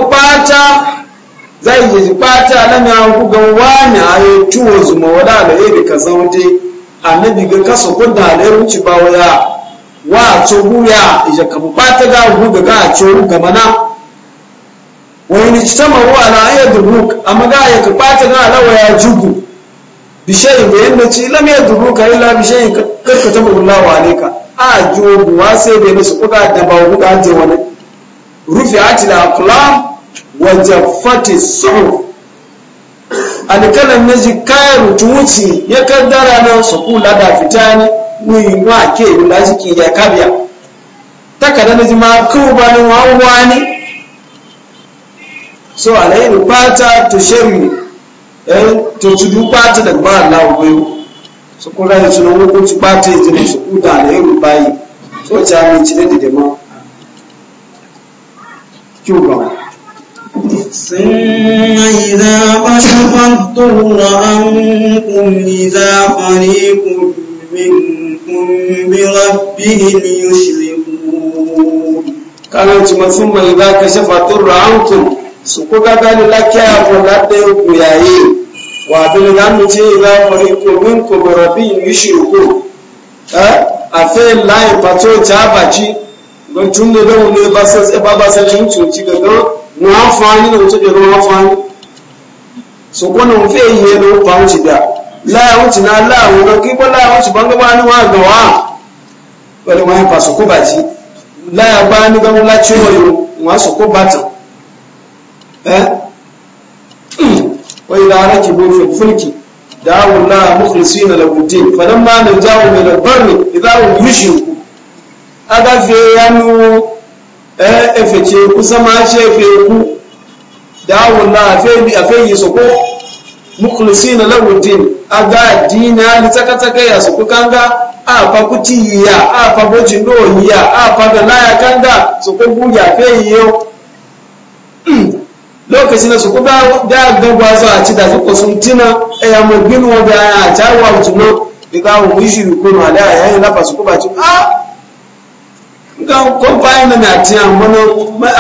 zai yi fata lana ga wani a yi tuwo zuma wada da ya da kaza wata annabi ga kasa ko da alayar wuce ba waya wa a co guya ija ka fata ga guga ga a co ga mana wani ci sama ruwa na ayar da ruk amma ga ya ka fata ga alawa ya jugu bishayi da yadda ci lam ya dubu ka illa bishayi karka ta bulla wa ne a juwo buwa sai bai nasu kuka da ba kuka je wani rufi atila kulam wajaffati suhuf alkalan na ji kayan rutuwuci ya kaddara na su kula da fita ni nuyi ma ke wula jiki ya kabiya takada na ji ma kawo ba ni wawa ne so alayi rubata to shemi eh to su dubata da ba Allah goyo su kula da sunan hukunci bata yi su kuda alayi rubayi so ta mi cire da jama'a kyau ba ثم إذا كشفت الضر عنكم إذا فريق منكم بربهم يشركون قال ثم ثم إذا كشفت الضر عنكم سكوكا قال لك يا فلان يا wàbílì láàmì tí ìlà ọ̀rọ̀ ikú wíńkò bọ̀rọ̀ bí ìyíṣì òkú ẹ́ àfẹ́ láì pàtó ìjà àbàjí don tun da dawo ne ba san ba ba san shi mutum ci gaga mu amfani da mutum da ruwan amfani so ko nan fe yi ne ba mu da la wuce na la wa ki ko la wuce ban ba ni wa ga wa wala ma fa so ko ba ji la ya ba ni ga mu la ci wa yo wa so ko ba ta eh wa ila rakibu fil fulki دعوا الله مخلصين له الدين فلما نجاهم الى البر اذا هم يشركون aga fe yanu efe eh, ce ku sama ce fe ku dawon na afe yi soko ko mukhlisina lahu din aga dina ni takataka ya su kanga a fa kuti ya a fa boji do ya a fa laya kanga su ko bu ya fe yo hmm. lokacin su ko da ga gwazo a ci da su ko sun tina e ya mu bin wa da ya ta wa tuno diga mu shi ko na da ya yi lafa su ba ci a ah! ga kwamfani na mai tiya mana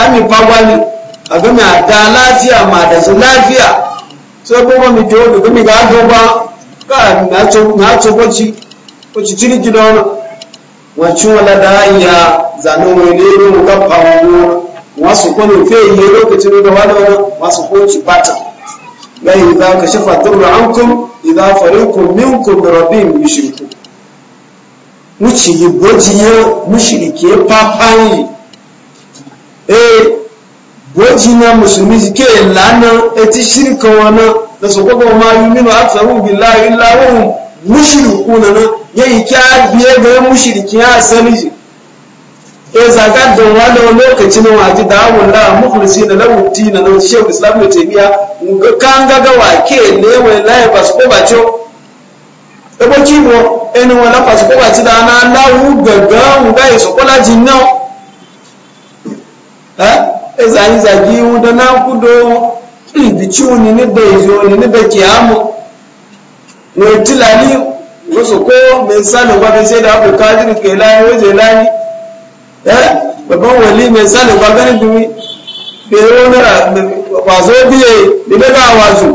ami fagwani a ga mai da lafiya ma da su lafiya so kuma mi to da gumi ga ga ba ka na to na to kwaci kwaci tiri gida wani wacin wala da iya zanen wani ne mu ga fawo wasu kwani fe yi lokacin da wani wani wasu kwaci bata gai za ka shafa turra ankum wuce yi gwajiye mushirike papayi e gwaji na musulmi jike lana eti shirka wani da su kwakwa ma yi minu a tsaru billahi lawon mushiriku na nan ya yi kya biye ga yin mushiriki ya asali ji e zaga da wani lokacin waji da awon da mukhlisi na lawuti na shehu islam da taimiya ga kan gaga wake lewe laye ba su ko ba cewa ebo kibo ẹni wọn lápàtí kó bàtí dáná láwù gbẹ̀gbẹ̀rún gáà ìsọ̀kọ́lá jí náà ẹ̀zà ìzàgí wọn dáná kúdó ibi tí wọn ní níbẹ̀ ìfẹ́ ní níbẹ̀ kìámù wọn ti lálí wọn sọ̀kọ́ mẹ́sàn-án gbàgbé sí ẹ̀dá àpò káàdìrì kẹlá ẹ̀rọ̀jẹ̀ láyé ẹ̀ bàbá wọn lé mẹ́sàn-án gbàgbé níbi mi bẹ̀rẹ̀ wọn mẹ́ra pàṣẹ bíyẹ̀ níbẹ̀ bá wà zù.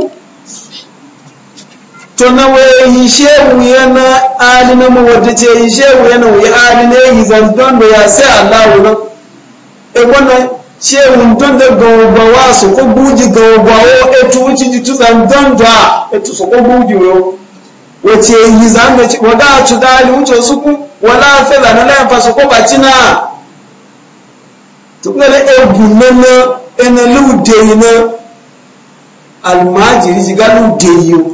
to na waye yi shehu yana ali na mawadda ce yi shehu yana wuyi ali ne yi zandon da ya se allah wuna. e wannan shehu don da gawabawa su ko buji gawabawa e tu wuce ji tu zandon da e su ko buji wuyo wace yi zanda ci waga a tu dali wuce su ku wala fela na layan fa su ko baci na tukuna e egun nana ena lu deyi na almajiri jiga lu deyi o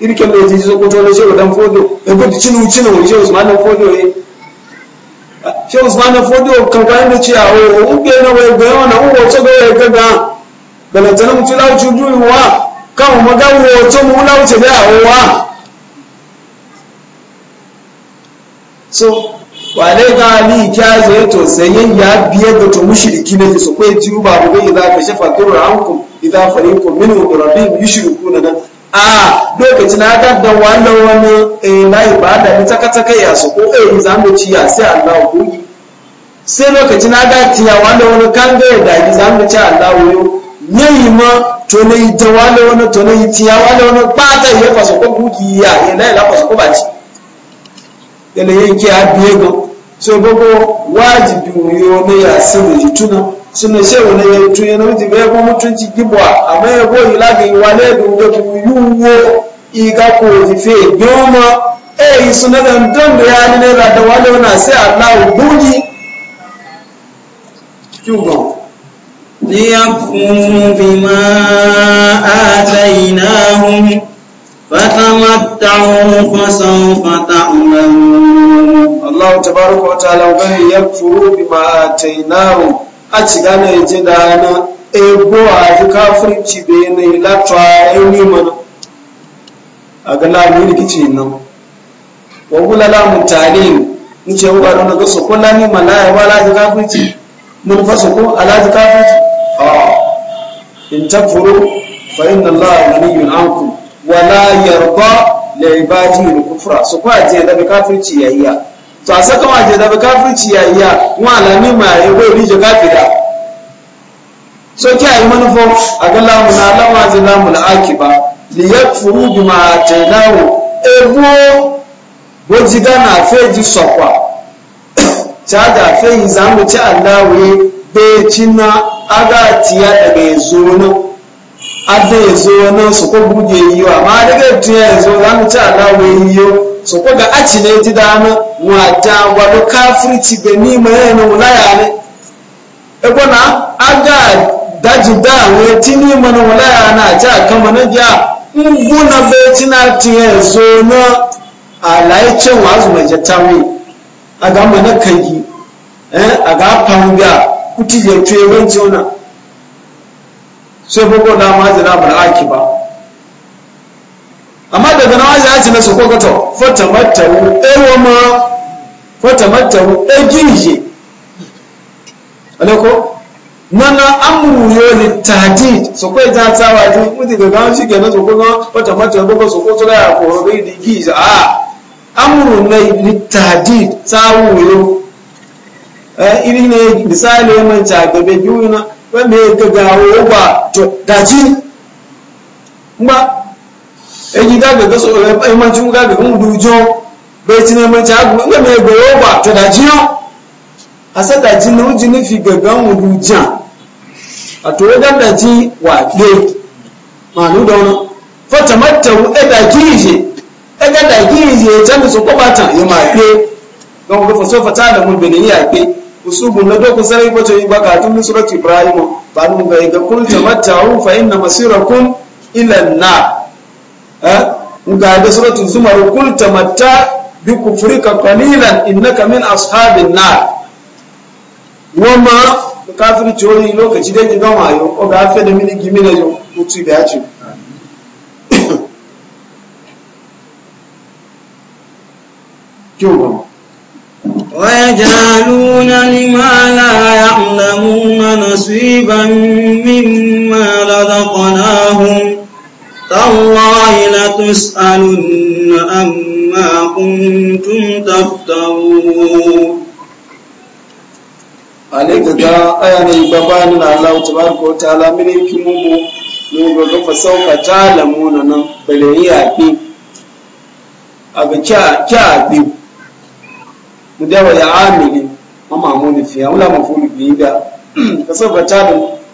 irken da jiji sokoto da shehu dan fodo da gudu cinu cinu shehu usman dan fodo ye shehu usman dan fodo kan kwayan da ce a wai uke na wai ga yawan nan uwa ce ga ya gaga balantana mutu lauci duyuwa kan mu maga uwa ce mu lauci da awowa so wale ga ali kya zai to sayen ya biye da to mushriki ne su kai ji ba mu ga idza kashafa durra ankum idza fariqu minhum rabbihim yushrikuna a lokacin na da wannan wani na ibada ni takataka ya su ko eh za mu ci ya sai Allah ku sai lokacin haka tiya wannan wani kan ga da za mu ci Allah yayi ma to ne da wannan wani to ne tiya wannan wani ba ta ya faso ya eh na la ko ba ci yana yake abiye go so gogo wajibi E, suna shehu na yetu yana mti bebo mutunci gibwa amma yabo ilagi wale dunga yiwuwo, iga ko ife yoma eh suna da don da yani ne da wale wana sai Allah buni kyugo liyakfumu bima atainahum فتمتعوا فسوف تعلمون الله تبارك وتعالى وبه يكفروا بما آتيناهم a ci gane ya ji da na ego a ji kafirci da yanayi.' nai latwa ya yi mana a ga yi rikici nan wa gula lamun tare Mu ce wa don ga su kula ni malaya ba laji kafirci mun fa su ko alaji kafirci a in takfuru fa inna allaha ghaniyun ankum wa la yarba li ibadihi al-kufra su ko a je daga kafirci yayya to a saka wa jeda kafirci ya iya wa alami ma ya bai rije kafira a. ki ayi manufa a ga lamu na na aki ba li furu bi ma tainawo ebo gojiga na feji sokwa caja feji zamu ci allawe bai cinna aga tiya daga yanzu wani adé èso ọ̀nà sọ̀kọ́ gbúgbé yíyọ àmọ́ adégbè tún ẹ̀ èso lánàá tí àdáwọ̀ yíyọ sọ̀kọ́ ní wata wado kafirci da ni yana wulaya ne ebona aga daji da wani ti mana na wulaya na ta kama na biya nguna bai tina tiye so na alayi cewa su mai jatawi a ga mana kangi a ga fahimu biya kuti da tuye ban na sai bugu da ma zira bar aki ba amma daga na wajen aci na soko kato fata matawu ewa ma fata matawu egirje alako nana amuriyo ni tadi soko ita tsawa ji mutu daga wani shi kenan soko na fata matawu ko soko tura ya koro bai da gije a amuru na ni tadi tsawo eh iri ne misali mai tagabe biyu yuna, wanda ya gagawo ba to daji ba eji gaga ga so e, e man ga gaga mu du jo be ti ne man cha gu ne me go ba to da ji yo asa da ji no ji ne fi gaga mu du ja ato ga da ji wa de ma nu do no fa tamatta u e da ji je e ga da ji je e ta mu so ko ba ta ye ma de don ga fa so fa ta da mu be ne ya pe usubun na doko sarai ko to yi baka tun surati ibrahim ba nu ga ga kul tamatta u fa inna masirakum ila an-nar Eh? ga da suratul zumar kul tamatta bi kufrika qalilan innaka min ashabin nar wama kafir chori lokaci da kiga wayo o ga fe da mini gimi da yo uti da yaci kyoba ويجعلون لما لا يعلمون نصيبا مما رزقناهم تالله لتسألن أما كنتم تفترون alikaga aya ne babani na Allah tabaraka wa ta'ala mini kimubu no ga ta lamuna nan bale ya bi aga kya kya bi ta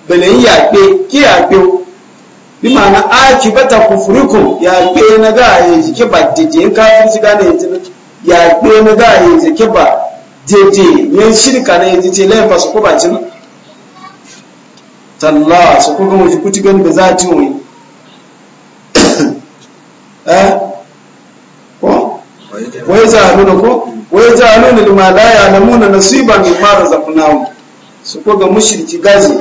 bale ya bi ma'ana akibata kufurikum ya gbe na ga ya jike ba dede kafirci ga na yanzu ya gbe na ga ya jike ba dede ne shirka na yanzu ce laifin su kuma cin talla su kuma wuce kuti gani da eh? za ci wani ko wai za a nuna ko wai za a nuna limala ya namuna nasiban mimma razaqnahu su kuma mushriki gazi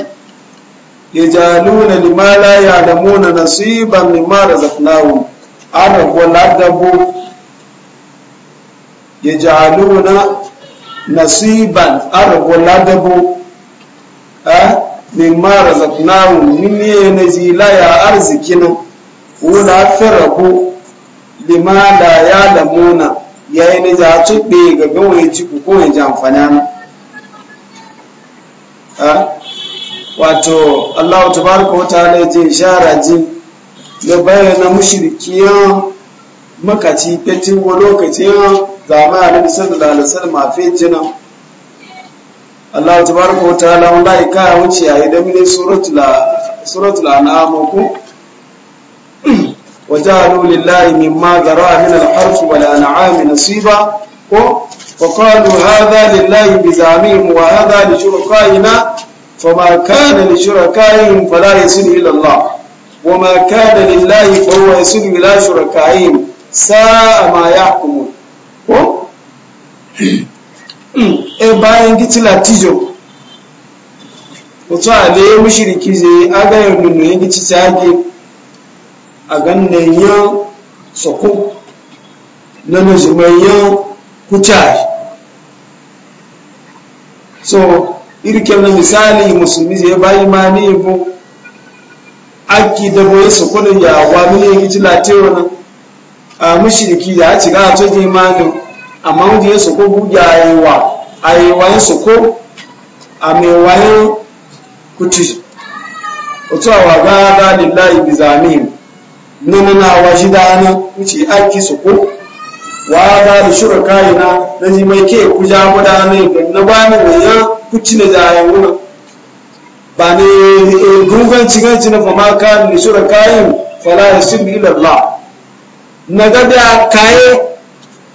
yajaluna lima la ya'lamuna nasiban mimma razaqnahum ana gola dabo yajaluna nasiban ana gola dabo eh mimma razaqnahum minni nazila ya arzikina wala farabu lima la ya'lamuna yayin da za ta be ga gawaye ci ko ya ji amfani eh wato Allah ta baraka wata ne ta ishara ji da bayyana mushrikiyan makaci fetin wa lokacin zama a nan sun da alisar mafi Allah ta baraka wata ne wanda ya kaya wuce a yi damini suratu la'anamu ko wata alulun layi min magara a minar harfi wa la'anamu na su ba ko وقالوا هذا لله بزعمهم وهذا لشركائنا فما كان لشركائهم فلا يصل إلى الله وما كان لله فهو يصل إلى شركائهم ساء ما يحكمون e bayan gici latijo wato a da ya mushiriki je a ga yin nuna ya gici a ganin yan na nuzuman yan kucari so irken na misali musulmi ya bayi ma ni ibo aki da boye su kuna ya wa mini ya gici latewa nan a mashiriki ya ci ga to je manin amma wanda ya su ko buga ayewa ayewa ya su ko a mai wayo kuti wato a waga da lillahi bizamim nuna na wa shi da ana wuce aki su ko wa ga da shura kayina na ji mai ke ku ja mu da ne na ba ni ne ya ci ne da ya wuna ba ne eh, gungan ci cikin na ma ka ni shura fara fala yasibu ila Allah na ga da kaye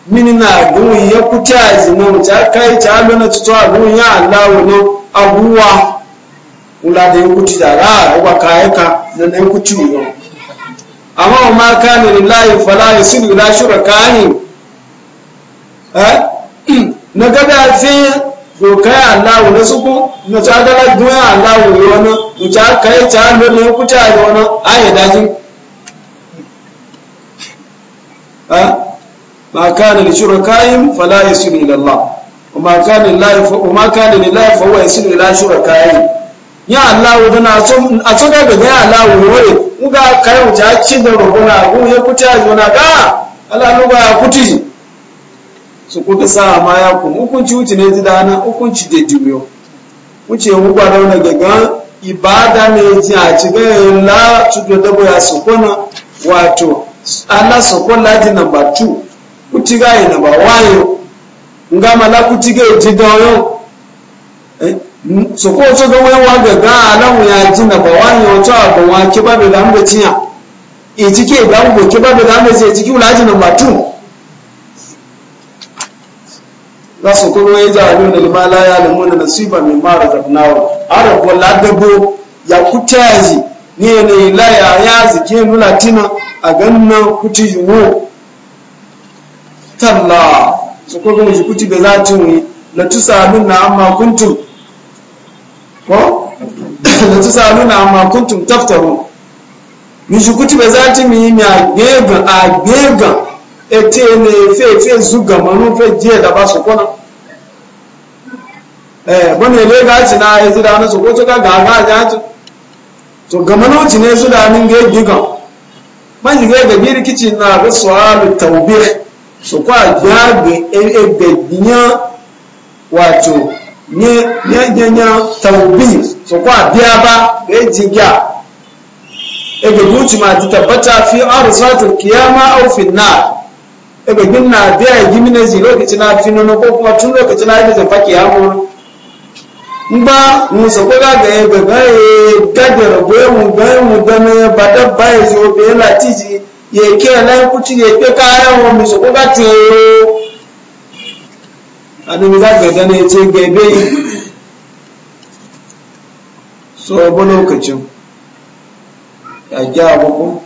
mini na gun ya kuci a zinu ta kai ta lona ci a gun ya Allah wani abuwa ula da ya ci da ra ba kaye ka da ne ci ne amma ma ka ni lillahi fala yasibu ila shura kayin Eh? na gada fi kokaya allahu na suku na ta gala duniya allahu yi wani wuce kai ta lullu kuta yi wani ayi dajin eh? ma kana li shurakaihim fala yasilu ila allah وما da لله وما كان su ne يصل الى kayan ya Allah da na so a so ga ga wani, wore kayan kai a cikin da rukuna ya kuta yi yona ga Allah lu kuti su kuka sa ma ya kuma hukunci wuce ne ji dana hukunci da juyo wuce hukwa da wani ibada ne ji a ci gaya la da dabo ya sokona wato ala sokon laji namba 2 kuti gaya namba 1 nga la kuti gaya ji dawo eh, ko to ga wayo wa ga ala mu ya ji namba 1 wato abun wa ki babu da mu ciya e ke da mu ki babu da mu sai ciki laji namba 2 za su kuma yi zalu da lima la ya lamu da nasiba mai mara zabnawo arab wala dabo ya kutaji ne ne la ya ya zike nuna tina a gannan kuti yuwo talla su kuma mu kuti da za ta yi la tusalun na amma kuntum ko la tusalun na amma kuntum taftaru mu kuti da za ta yi mi a gegan a ete ne efe efe zuga manu fe je da ba su kona eh bane le ga ci na yanzu da nasu ko to ga ga ga ja to to ga manu ci ne su da nin ga giga man ji ga bi rikici na ga su'alu tawbih su kwa ga ga ebe e nya wato nye nye nye tawbih su kwa biya ba ga jiga ebe gutu ma ta tabbata fi arzatul kiyama aw fi nar daga na biya e giminesi lokaci na finono ko kuma tun lokaci na yi zafa ke hamu ba musa ko ga ga e, ga ga gadar goye mu goye mu ga me ba da bai e zo be la tiji ye ke na ku ti ye pe ka ya wo musa ko ga ti o adu ga ga ga ne ce ga be so bo lokacin ya ja ko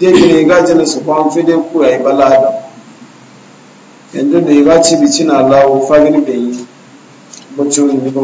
ne ga jina su kwan ku yayi balada yanzu da ya ci bici na lawo fagin da yi bacci wani ne ba